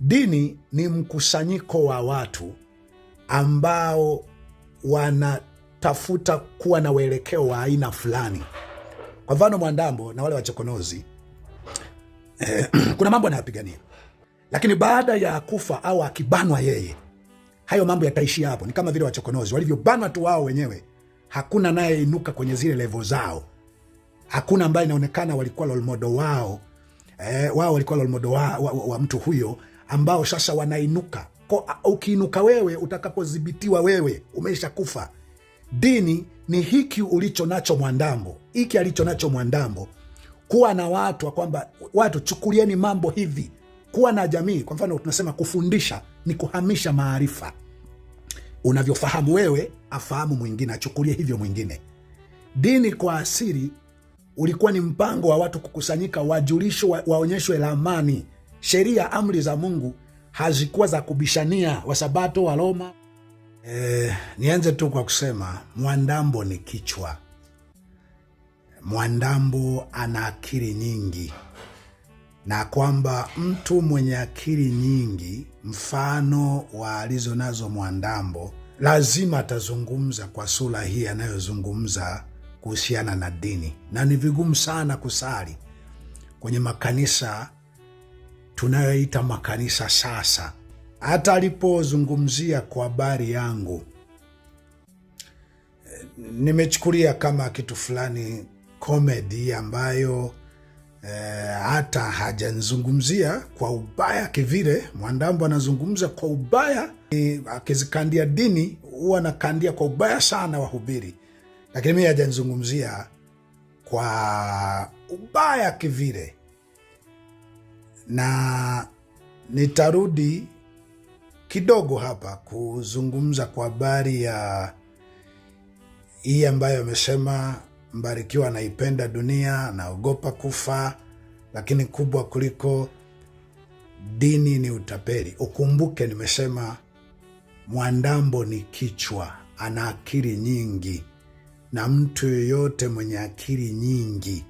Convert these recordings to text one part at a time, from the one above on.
Dini ni mkusanyiko wa watu ambao wanatafuta kuwa na uelekeo wa aina fulani. Kwa mfano, Mwandambo na wale wachokonozi eh, kuna mambo anayapigania, lakini baada ya kufa au akibanwa yeye, hayo mambo yataishia hapo. Ni kama vile wachokonozi walivyobanwa tu wao wenyewe, hakuna anayeinuka kwenye zile levo zao, hakuna ambaye inaonekana walikuwa lolmodo wao. Eh, wao walikuwa lolmodo wa, wa, wa, wa mtu huyo ambao sasa wanainuka. Ukiinuka wewe, utakapodhibitiwa wewe, umesha kufa. Dini ni hiki ulicho nacho Mwandambo, hiki alicho nacho Mwandambo, kuwa na watu kwamba watu chukulieni mambo hivi, kuwa na jamii. Kwa mfano tunasema kufundisha ni kuhamisha maarifa, unavyofahamu wewe afahamu mwingine, achukulie hivyo mwingine. Dini kwa asili ulikuwa ni mpango wa watu kukusanyika, wajulishwe, waonyeshwe ramani sheria, amri za Mungu hazikuwa za kubishania. Wasabato wa Roma. E, eh, nianze tu kwa kusema Mwandambo ni kichwa. Mwandambo ana akili nyingi, na kwamba mtu mwenye akili nyingi mfano wa alizo nazo Mwandambo lazima atazungumza kwa sura hii anayozungumza kuhusiana na dini, na ni vigumu sana kusali kwenye makanisa tunayoita makanisa sasa. Hata alipozungumzia kwa habari yangu, nimechukulia kama kitu fulani komedi ambayo e, hata hajanzungumzia kwa ubaya kivile. Mwandambo anazungumza kwa ubaya e, akizikandia dini huwa anakandia kwa ubaya sana wahubiri, lakini mi hajanzungumzia kwa ubaya kivile na nitarudi kidogo hapa kuzungumza kwa habari ya hii ambayo amesema Mbarikiwa anaipenda dunia, anaogopa kufa, lakini kubwa kuliko dini ni utapeli. Ukumbuke nimesema Mwandambo ni kichwa, ana akili nyingi, na mtu yoyote mwenye akili nyingi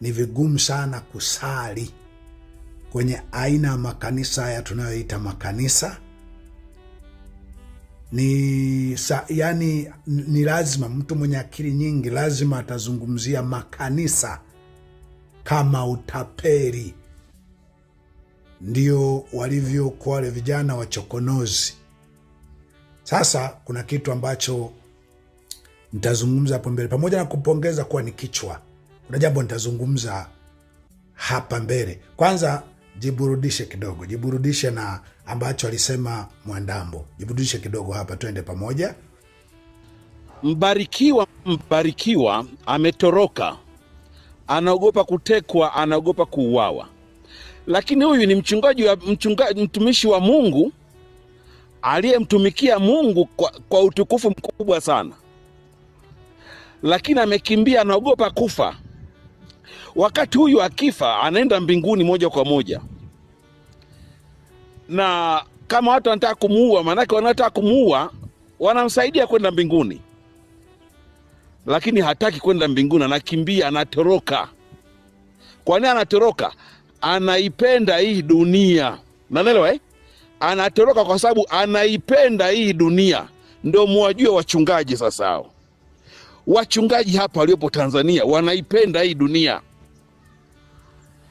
ni vigumu sana kusali kwenye aina ya makanisa haya tunayoita makanisa ni sa, yani, ni lazima mtu mwenye akili nyingi lazima atazungumzia makanisa kama utaperi. Ndio walivyokuwa wale vijana wachokonozi. Sasa kuna kitu ambacho nitazungumza hapo mbele, pamoja na kupongeza kuwa ni kichwa, kuna jambo nitazungumza hapa mbele. Kwanza jiburudishe kidogo, jiburudishe na ambacho alisema Mwandambo, jiburudishe kidogo hapa, twende pamoja. Mbarikiwa, Mbarikiwa ametoroka, anaogopa kutekwa, anaogopa kuuawa, lakini huyu ni mchungaji wa, mchunga, mtumishi wa Mungu aliyemtumikia Mungu kwa, kwa utukufu mkubwa sana, lakini amekimbia, anaogopa kufa Wakati huyu akifa anaenda mbinguni moja kwa moja, na kama watu wanataka kumuua, maanake wanataka kumuua, wanamsaidia kwenda mbinguni, lakini hataki kwenda mbinguni, anakimbia, anatoroka. Kwa nini anatoroka? Anaipenda hii dunia, nanaelewa eh? Anatoroka kwa sababu anaipenda hii dunia. Ndio muwajue wachungaji sasa hao wachungaji hapa waliopo Tanzania wanaipenda hii dunia.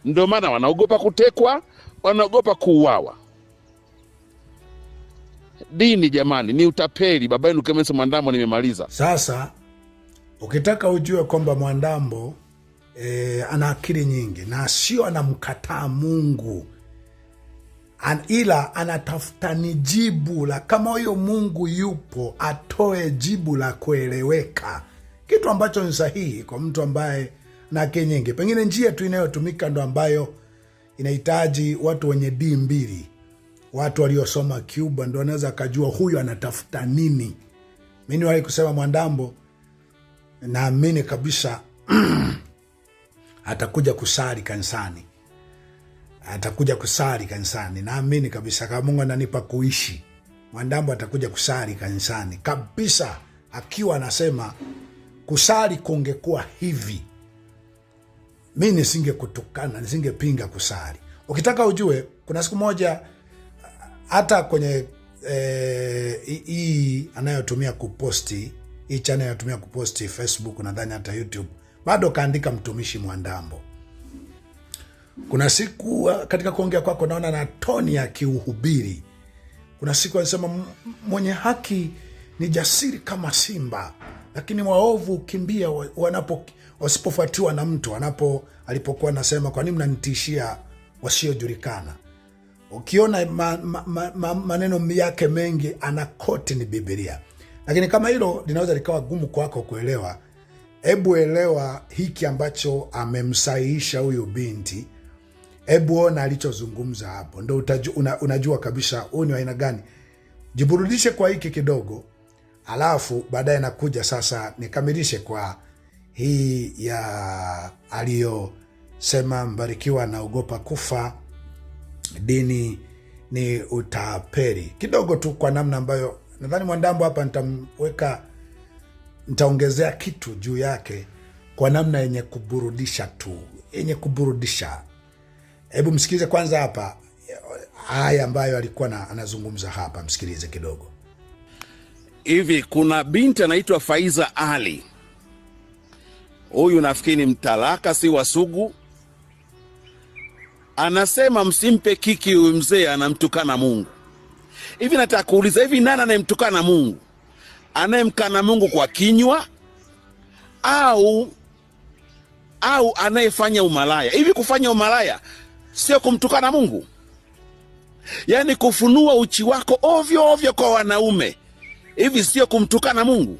Ndio maana wanaogopa kutekwa, wanaogopa kuuawa. Dini jamani, ni utapeli. Baba yenu Clemence Mwandambo, nimemaliza. Sasa ukitaka ujue kwamba Mwandambo e, ana akili nyingi na sio anamkataa Mungu An, ila anatafuta ni jibu la kama huyo Mungu yupo, atoe jibu la kueleweka, kitu ambacho ni sahihi kwa mtu ambaye na kenyenge. Pengine njia tu inayotumika ndo ambayo inahitaji watu wenye dii mbili, watu waliosoma Cuba ndo wanaweza akajua huyu anatafuta nini. Mi niwahi kusema Mwandambo, naamini kabisa atakuja kusari kanisani, atakuja kusari kanisani. Naamini kabisa kama Mungu ananipa kuishi, Mwandambo atakuja kusari kanisani kabisa, akiwa anasema kusari kungekuwa hivi mi nisingekutukana, nisingepinga kusali. Ukitaka ujue, kuna siku moja hata kwenye hii eh, e, anayotumia kuposti hii channel anayotumia kuposti Facebook, nadhani hata YouTube, bado kaandika mtumishi Mwandambo. Kuna siku ah, katika kuongea kwako naona na toni ya kiuhubiri, kuna siku anasema mwenye haki ni jasiri kama simba, lakini waovu kimbia wanapo wasipofuatiwa na mtu anapo alipokuwa nasema kwa nini mnanitishia wasiojulikana. Ukiona ma, ma, ma, ma, maneno yake mengi anakoti ni Biblia, lakini kama hilo linaweza likawa gumu kwako kuelewa, hebu elewa hiki ambacho amemsahihisha huyu binti. Hebu ona alichozungumza hapo, ndo una, unajua kabisa huyu ni aina gani. Jiburudishe kwa hiki kidogo, alafu baadaye nakuja sasa nikamilishe kwa hii ya aliyosema Mbarikiwa anaogopa kufa, dini ni utaperi, kidogo tu kwa namna ambayo nadhani Mwandambo hapa nitamweka, nitaongezea kitu juu yake kwa namna yenye kuburudisha tu, yenye kuburudisha. Hebu msikilize kwanza hapa haya ambayo alikuwa anazungumza hapa, msikilize kidogo. Hivi kuna binti anaitwa Faiza Ali huyu nafikiri mtalaka si wasugu anasema msimpe kiki huyu mzee anamtukana Mungu. Hivi nataka kuuliza, hivi nani anayemtukana Mungu? Anayemkana Mungu kwa kinywa au au anayefanya umalaya? Hivi kufanya umalaya sio kumtukana Mungu? Yaani kufunua uchi wako ovyo ovyo kwa wanaume, hivi sio kumtukana Mungu?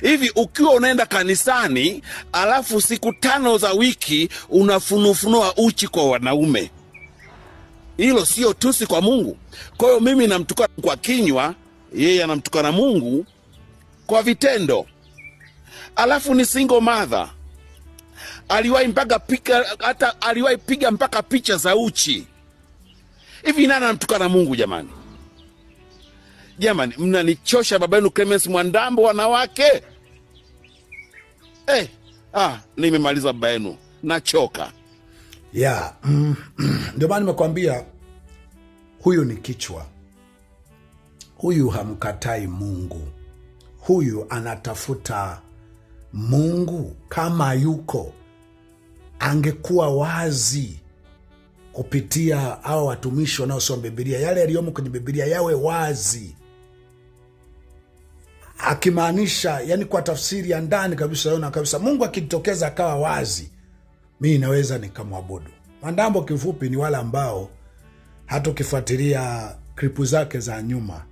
hivi ukiwa unaenda kanisani alafu siku tano za wiki unafunufunua uchi kwa wanaume, hilo sio tusi kwa Mungu? Kwa hiyo mimi namtukana kwa kinywa, yeye anamtukana Mungu kwa vitendo. Alafu ni single mother, aliwahi mpaka pika, hata aliwahi piga mpaka picha za uchi. Hivi nani anamtukana Mungu jamani? jamani, mnanichosha baba yenu Clemens Mwandambo, wanawake hey. Eh, ah, nimemaliza baba yenu, nachoka ya yeah. Mm, mm, ndio maana nimekwambia huyu ni kichwa, huyu hamkatai Mungu, huyu anatafuta Mungu kama yuko angekuwa wazi kupitia hao watumishi wanaosoma Bibilia, yale yaliyomo kwenye Bibilia yawe wazi akimaanisha yani kwa tafsiri ya ndani kabisa, ona kabisa, Mungu akitokeza akawa wazi, mi naweza nikamwabudu. Mandambo kifupi ni wale ambao hata ukifuatilia klipu zake za nyuma,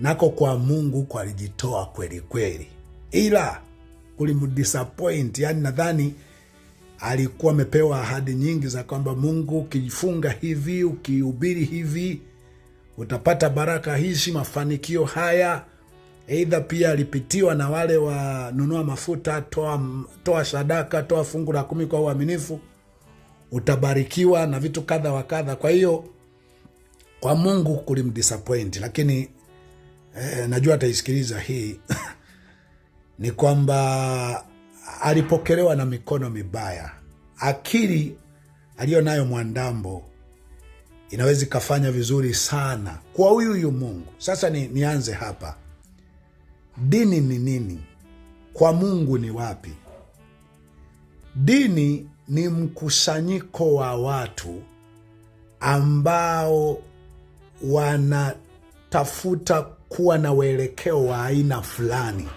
nako kwa Mungu kwa alijitoa kweli kweli, ila kulimdisappoint. Yani nadhani alikuwa amepewa ahadi nyingi za kwamba Mungu, ukijifunga hivi, ukihubiri hivi, utapata baraka hizi, mafanikio haya eidha pia alipitiwa na wale wanunua mafuta, toa, toa sadaka, toa fungu la kumi kwa uaminifu utabarikiwa, na vitu kadha wa kadha. Kwa hiyo kwa Mungu kulimdisappoint, lakini eh, najua ataisikiliza hii ni kwamba alipokelewa na mikono mibaya. Akili aliyonayo Mwandambo inaweza ikafanya vizuri sana kwa huyu huyu Mungu. Sasa ni, nianze hapa. Dini ni nini? Kwa Mungu ni wapi? Dini ni mkusanyiko wa watu ambao wanatafuta kuwa na uelekeo wa aina fulani.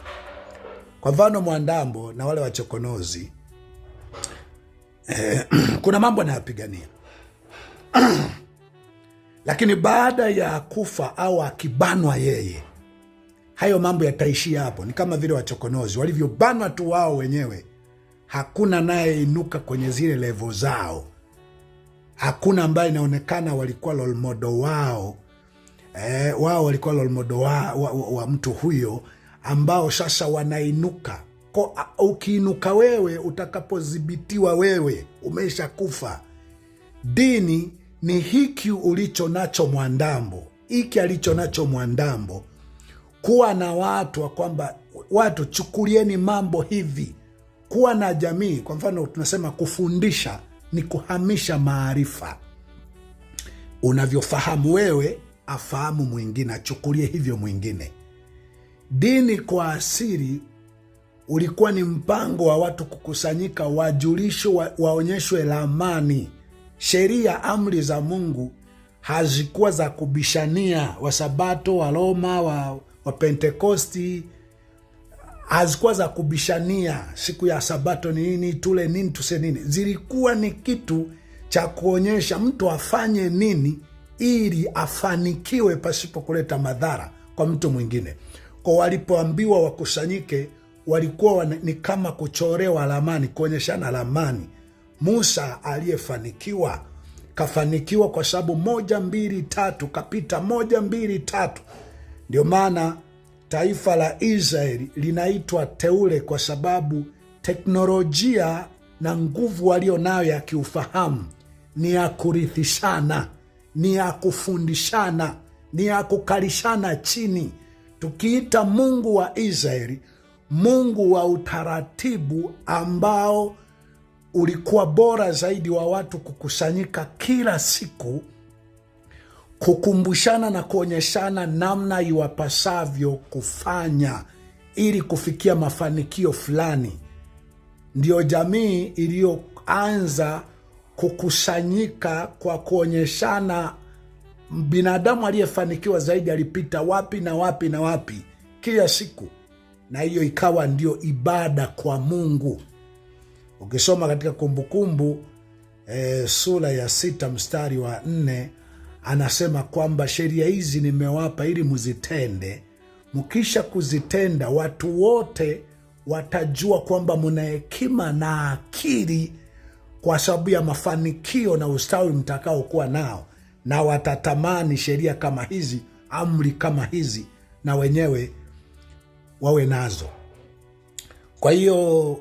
Kwa mfano Mwandambo na wale wachokonozi eh, kuna mambo anayapigania lakini baada ya kufa au akibanwa yeye hayo mambo yataishia hapo. Ni kama vile wachokonozi walivyobanwa tu wao wenyewe, hakuna nayeinuka kwenye zile levo zao, hakuna ambaye inaonekana walikuwa lolmodo wao. E, wao walikuwa lolmodo wa, wa, wa, wa mtu huyo ambao sasa wanainuka ko. Ukiinuka wewe, utakapodhibitiwa wewe, umesha kufa. Dini ni hiki ulicho nacho Mwandambo, hiki alicho nacho Mwandambo kuwa na watu wa kwamba watu chukulieni mambo hivi, kuwa na jamii. Kwa mfano tunasema kufundisha ni kuhamisha maarifa, unavyofahamu wewe afahamu mwingine, achukulie hivyo mwingine. Dini kwa asili ulikuwa ni mpango wa watu kukusanyika, wajulishwe, wa, waonyeshwe ramani. Sheria, amri za Mungu hazikuwa za kubishania. Wasabato, Waroma, wa Wapentekosti hazikuwa za kubishania siku ya sabato ni nini, tule nini, tuse nini. Zilikuwa ni kitu cha kuonyesha mtu afanye nini ili afanikiwe pasipo kuleta madhara kwa mtu mwingine. Kwa walipoambiwa wakusanyike, walikuwa ni kama kuchorewa ramani, kuonyeshana ramani. Musa aliyefanikiwa kafanikiwa kwa sababu moja mbili tatu, kapita moja mbili tatu. Ndio maana taifa la Israeli linaitwa teule, kwa sababu teknolojia na nguvu walio nayo ya kiufahamu ni ya kurithishana, ni ya kufundishana, ni ya kukalishana chini. Tukiita Mungu wa Israeli Mungu wa utaratibu ambao ulikuwa bora zaidi wa watu kukusanyika kila siku kukumbushana na kuonyeshana namna iwapasavyo kufanya ili kufikia mafanikio fulani. Ndiyo jamii iliyoanza kukusanyika kwa kuonyeshana binadamu aliyefanikiwa zaidi alipita wapi na wapi na wapi kila siku, na hiyo ikawa ndio ibada kwa Mungu. Ukisoma katika Kumbukumbu e, sura ya sita mstari wa nne anasema kwamba sheria hizi nimewapa ili muzitende, mkisha kuzitenda watu wote watajua kwamba mna hekima na akili, kwa sababu ya mafanikio na ustawi mtakaokuwa nao, na watatamani sheria kama hizi, amri kama hizi, na wenyewe wawe nazo. Kwa hiyo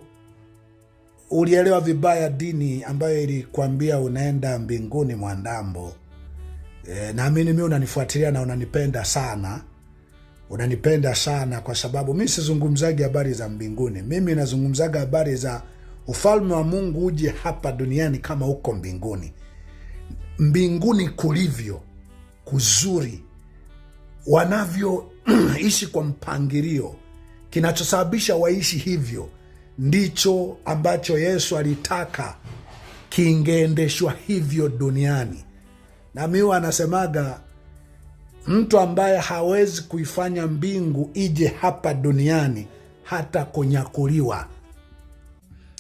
ulielewa vibaya dini ambayo ilikuambia unaenda mbinguni, Mwandambo. E, naamini mi unanifuatilia na unanipenda sana, unanipenda sana kwa sababu mi sizungumzagi habari za mbinguni. Mimi nazungumzaga habari za ufalme wa Mungu uje hapa duniani kama huko mbinguni. Mbinguni kulivyo kuzuri, wanavyoishi kwa mpangilio, kinachosababisha waishi hivyo ndicho ambacho Yesu alitaka kingeendeshwa hivyo duniani na mi anasemaga mtu ambaye hawezi kuifanya mbingu ije hapa duniani hata kunyakuliwa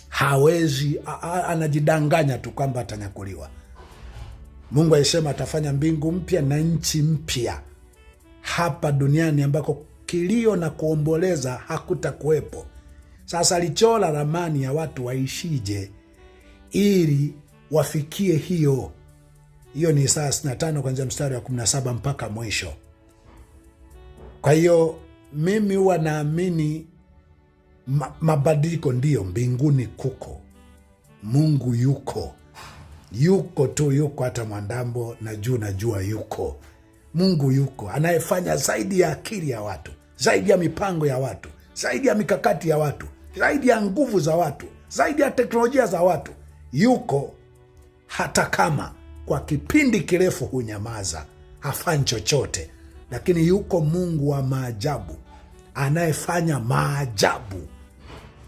hawezi, anajidanganya tu kwamba atanyakuliwa. Mungu alisema atafanya mbingu mpya na nchi mpya hapa duniani ambako kilio na kuomboleza hakutakuwepo. Sasa lichola ramani ya watu waishije ili wafikie hiyo hiyo ni saa 65 kuanzia mstari wa 17 mpaka mwisho. Kwa hiyo mimi huwa naamini ma, mabadiliko ndiyo mbinguni kuko, Mungu yuko yuko tu yuko, hata Mwandambo na juu najua yuko. Mungu yuko anayefanya zaidi ya akili ya watu, zaidi ya mipango ya watu, zaidi ya mikakati ya watu, zaidi ya nguvu za watu, zaidi ya teknolojia za watu. Yuko hata kama kwa kipindi kirefu hunyamaza, hafanyi chochote, lakini yuko Mungu wa maajabu anayefanya maajabu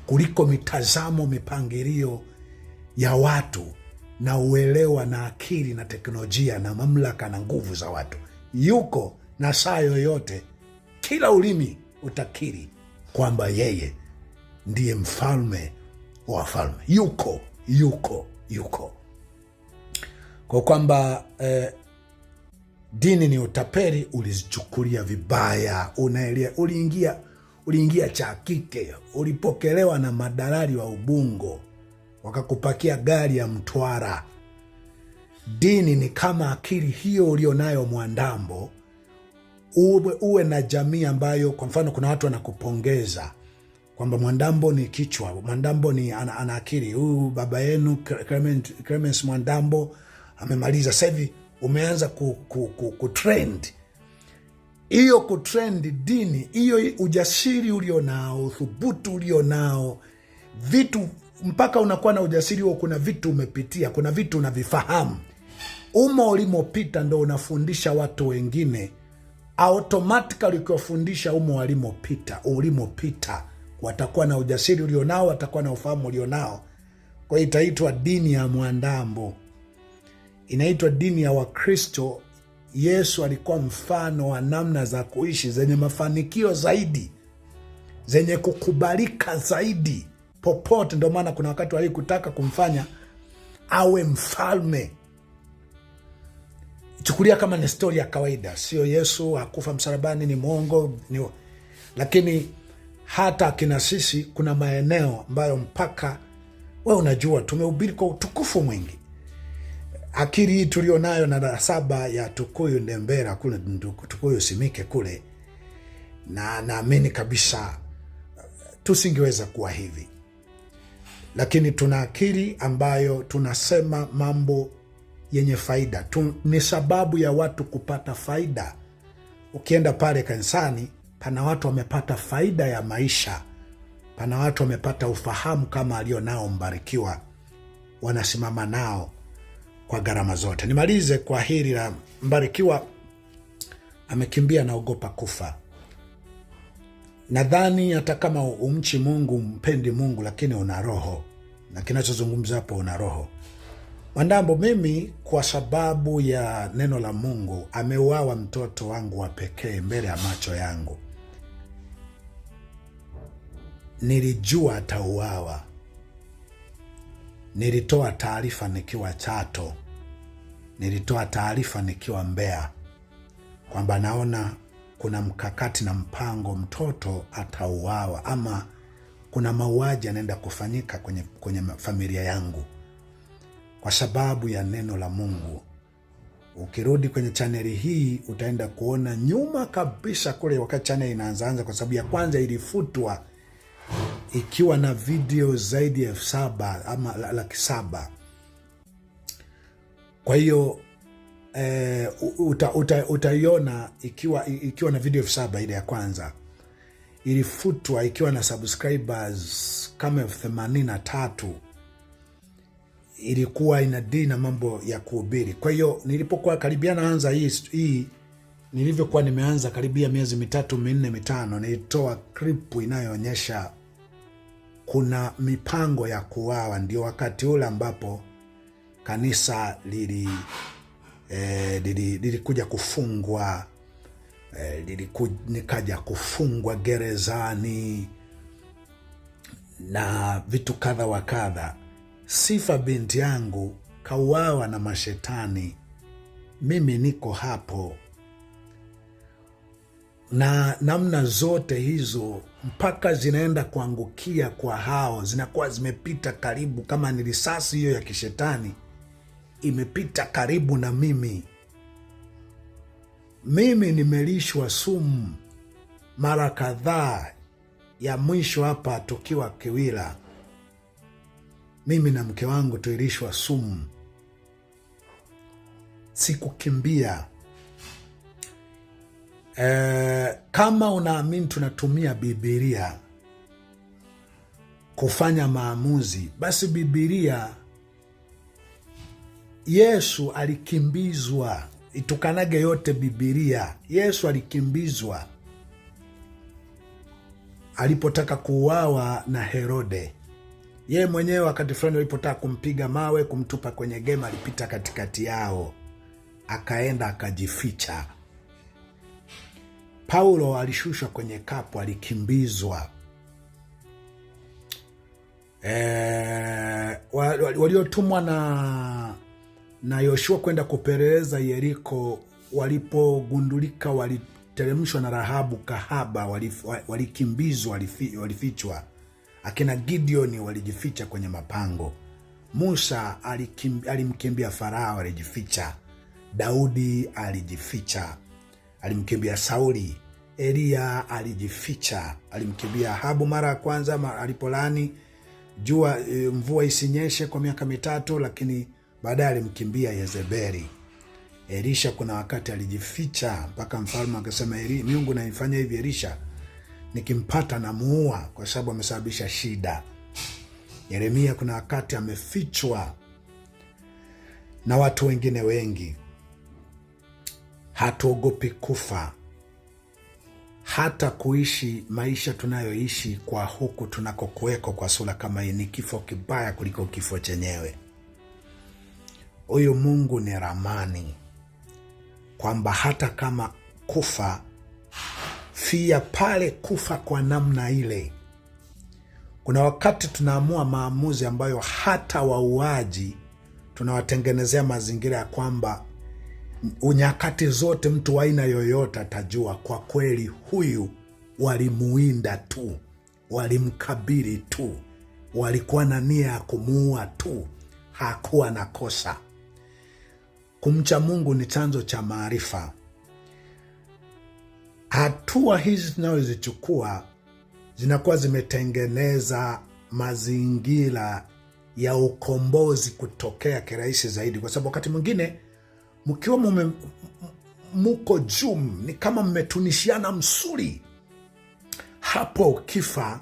kuliko mitazamo, mipangilio ya watu na uelewa na akili na teknolojia na mamlaka na nguvu za watu. Yuko na saa yoyote, kila ulimi utakiri kwamba yeye ndiye mfalme wa wafalme. Yuko, yuko, yuko kwa kwamba eh, dini ni utapeli, ulizichukulia vibaya, unaelea, uliingia uliingia cha kike, ulipokelewa na madalali wa Ubungo wakakupakia gari ya Mtwara. Dini ni kama akili hiyo ulionayo Mwandambo, uwe, uwe na jamii ambayo, kwa mfano, kuna watu wanakupongeza kwamba Mwandambo ni kichwa, Mwandambo ni ana, ana akili. Huyu baba yenu Clemens Mwandambo amemaliza sahivi umeanza ku, ku, ku, kutrend hiyo kutrend dini hiyo, ujasiri ulio nao, thubutu ulio nao, vitu mpaka unakuwa na ujasiri huo. Kuna vitu umepitia, kuna vitu unavifahamu, umo ulimopita ndo unafundisha watu wengine automatikali Ukiwafundisha umo walimopita, ulimopita, watakuwa na ujasiri ulionao, watakuwa na ufahamu ulionao. Kwa hiyo itaitwa dini ya Mwandambo inaitwa dini ya Wakristo. Yesu alikuwa mfano wa namna za kuishi zenye mafanikio zaidi, zenye kukubalika zaidi popote. Ndio maana kuna wakati walikutaka kumfanya awe mfalme. Chukulia kama ni stori ya kawaida, sio Yesu hakufa msalabani, ni mwongo ni... lakini hata akina sisi kuna maeneo ambayo mpaka we unajua tumehubiri kwa utukufu mwingi akili hii nayo na saba ya Tukuyu Ndembera kule Tukuyu Simike kule, na naamini kabisa tusingeweza kuwa hivi, lakini tuna akili ambayo tunasema mambo yenye faida tu, ni sababu ya watu kupata faida. Ukienda pale kanisani, pana watu wamepata faida ya maisha, pana watu wamepata ufahamu kama alionao Mbarikiwa, wanasimama nao kwa gharama zote. Nimalize kwa hili la Mbarikiwa amekimbia naogopa kufa. Nadhani hata kama umchi Mungu mpendi Mungu, lakini una roho na kinachozungumza hapo, una roho Mwandambo. Mimi kwa sababu ya neno la Mungu ameuawa mtoto wangu wa pekee mbele ya macho yangu. Nilijua atauawa Nilitoa taarifa nikiwa Chato, nilitoa taarifa nikiwa Mbeya kwamba naona kuna mkakati na mpango, mtoto atauawa ama kuna mauaji yanaenda kufanyika kwenye, kwenye familia yangu kwa sababu ya neno la Mungu. Ukirudi kwenye chaneli hii utaenda kuona nyuma kabisa kule, wakati chaneli inaanzaanza, kwa sababu ya kwanza ilifutwa ikiwa na video zaidi ya elfu saba ama laki saba. Kwa hiyo eh, utaiona uta, uta ikiwa, ikiwa na video elfu saba ile ya kwanza ilifutwa ikiwa na subscribers kama elfu themanini na tatu ilikuwa dii na mambo ya kuhubiri. Kwa hiyo nilipokuwa karibia naanza hii, hii nilivyokuwa nimeanza karibia miezi mitatu minne mitano, nilitoa kripu inayoonyesha kuna mipango ya kuwawa. Ndio wakati ule ambapo kanisa lili eh, lilikuja kufungwa e, eh, liliku, nikaja kufungwa gerezani na vitu kadha wa kadha. Sifa binti yangu kauawa na mashetani, mimi niko hapo na namna zote hizo mpaka zinaenda kuangukia kwa hao, zinakuwa zimepita karibu, kama ni risasi hiyo ya kishetani imepita karibu na mimi. Mimi nimelishwa sumu mara kadhaa, ya mwisho hapa tukiwa Kiwira, mimi na mke wangu tuilishwa sumu, sikukimbia eh, kama unaamini tunatumia Bibilia kufanya maamuzi, basi Bibilia, Yesu alikimbizwa. Itukanage yote Bibilia, Yesu alikimbizwa alipotaka kuuawa na Herode. Yeye mwenyewe wakati fulani walipotaka kumpiga mawe kumtupa kwenye gema, alipita katikati yao akaenda akajificha. Paulo alishushwa kwenye kapu, alikimbizwa. E, waliotumwa na na Yoshua kwenda kupeleleza Yeriko walipogundulika waliteremshwa na Rahabu kahaba, walikimbizwa, walifichwa. Akina Gideoni walijificha kwenye mapango. Musa alimkimbia Farao, alijificha. Daudi alijificha alimkimbia Sauli. Eliya alijificha, alimkimbia Ahabu mara ya kwanza alipolani jua e, mvua isinyeshe kwa miaka mitatu, lakini baadaye alimkimbia Yezebeli. Elisha kuna wakati alijificha mpaka mfalme akasema, miungu naifanya hivi, Elisha nikimpata namuua, kwa sababu amesababisha shida. Yeremia kuna wakati amefichwa na watu wengine wengi hatuogopi kufa hata kuishi maisha tunayoishi kwa huku tunakokuweko kwa sura kama hii ni kifo kibaya kuliko kifo chenyewe. Huyu Mungu ni ramani kwamba hata kama kufa fia pale, kufa kwa namna ile. Kuna wakati tunaamua maamuzi ambayo hata wauaji tunawatengenezea mazingira ya kwamba nyakati zote mtu wa aina yoyote atajua kwa kweli huyu walimuinda tu, walimkabili tu, walikuwa na nia ya kumuua tu, hakuwa na kosa. Kumcha Mungu ni chanzo cha maarifa. Hatua hizi zinayozichukua zinakuwa zimetengeneza mazingira ya ukombozi kutokea kirahisi zaidi, kwa sababu wakati mwingine mkiwa mume muko jum, ni kama mmetunishiana msuri. Hapo ukifa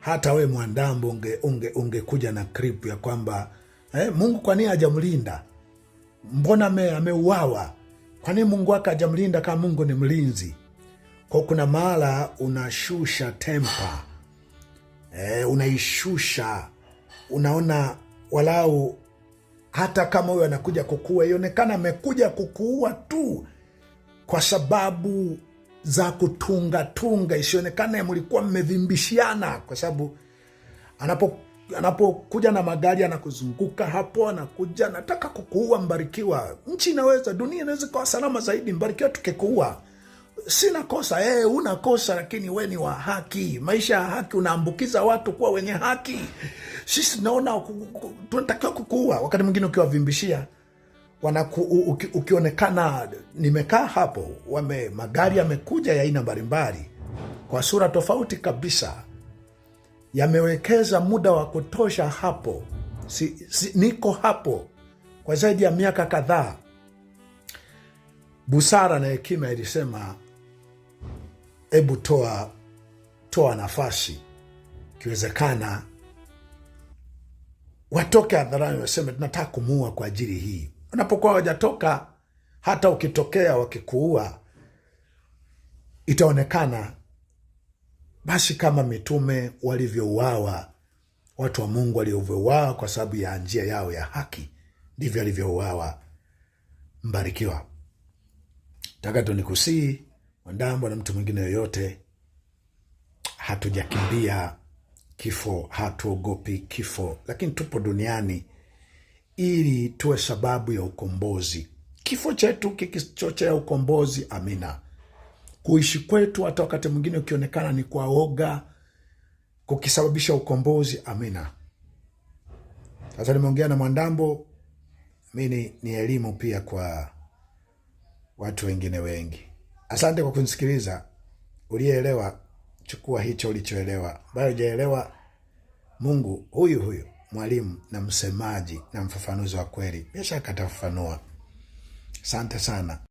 hata we Mwandambo unge, unge, ungekuja na kripu ya kwamba eh, Mungu kwa nini hajamlinda? Mbona ameuawa? Kwa nini Mungu wake hajamlinda kama Mungu ni mlinzi? Kwa kuna mahala unashusha tempa eh, unaishusha, unaona walau hata kama huyo anakuja kukuua, ionekana amekuja kukuua tu kwa sababu za kutungatunga, isionekane mlikuwa mmevimbishiana, kwa sababu anapo anapokuja na magari anakuzunguka hapo, anakuja nataka kukuua Mbarikiwa. Nchi inaweza dunia inaweza kawa salama zaidi Mbarikiwa tukikuua sina kosa eh, hey, una kosa lakini we ni wa haki. Maisha ya haki, unaambukiza watu kuwa wenye haki. Sisi naona tunatakiwa kukuua, wakati mwingine ukiwavimbishia wanaku, uki, ukionekana nimekaa hapo, wame magari yamekuja ya aina mbalimbali kwa sura tofauti kabisa, yamewekeza muda wa kutosha hapo. Si, si, niko hapo kwa zaidi ya miaka kadhaa. Busara na hekima ilisema hebu toa toa nafasi, ikiwezekana watoke hadharani waseme tunataka kumuua kwa ajili hii. unapokuwa wajatoka, hata ukitokea wakikuua, itaonekana basi kama mitume walivyouawa, watu wa Mungu walivyouawa kwa sababu ya njia yao ya haki, ndivyo alivyouawa Mbarikiwa. takatu ni kusii mwandambo na mtu mwingine yoyote, hatujakimbia kifo, hatuogopi kifo, lakini tupo duniani ili tuwe sababu ya ukombozi. Kifo chetu kikichochea ukombozi, amina. Kuishi kwetu hata wakati mwingine ukionekana ni kwa oga, kukisababisha ukombozi, amina. Sasa nimeongea na Mwandambo, mi ni elimu pia kwa watu wengine wengi. Asante kwa kunisikiliza. Uliyeelewa chukua hicho ulichoelewa, bali hujaelewa, Mungu huyu huyu mwalimu na msemaji na mfafanuzi wa kweli, bila shaka atafafanua. Asante sana.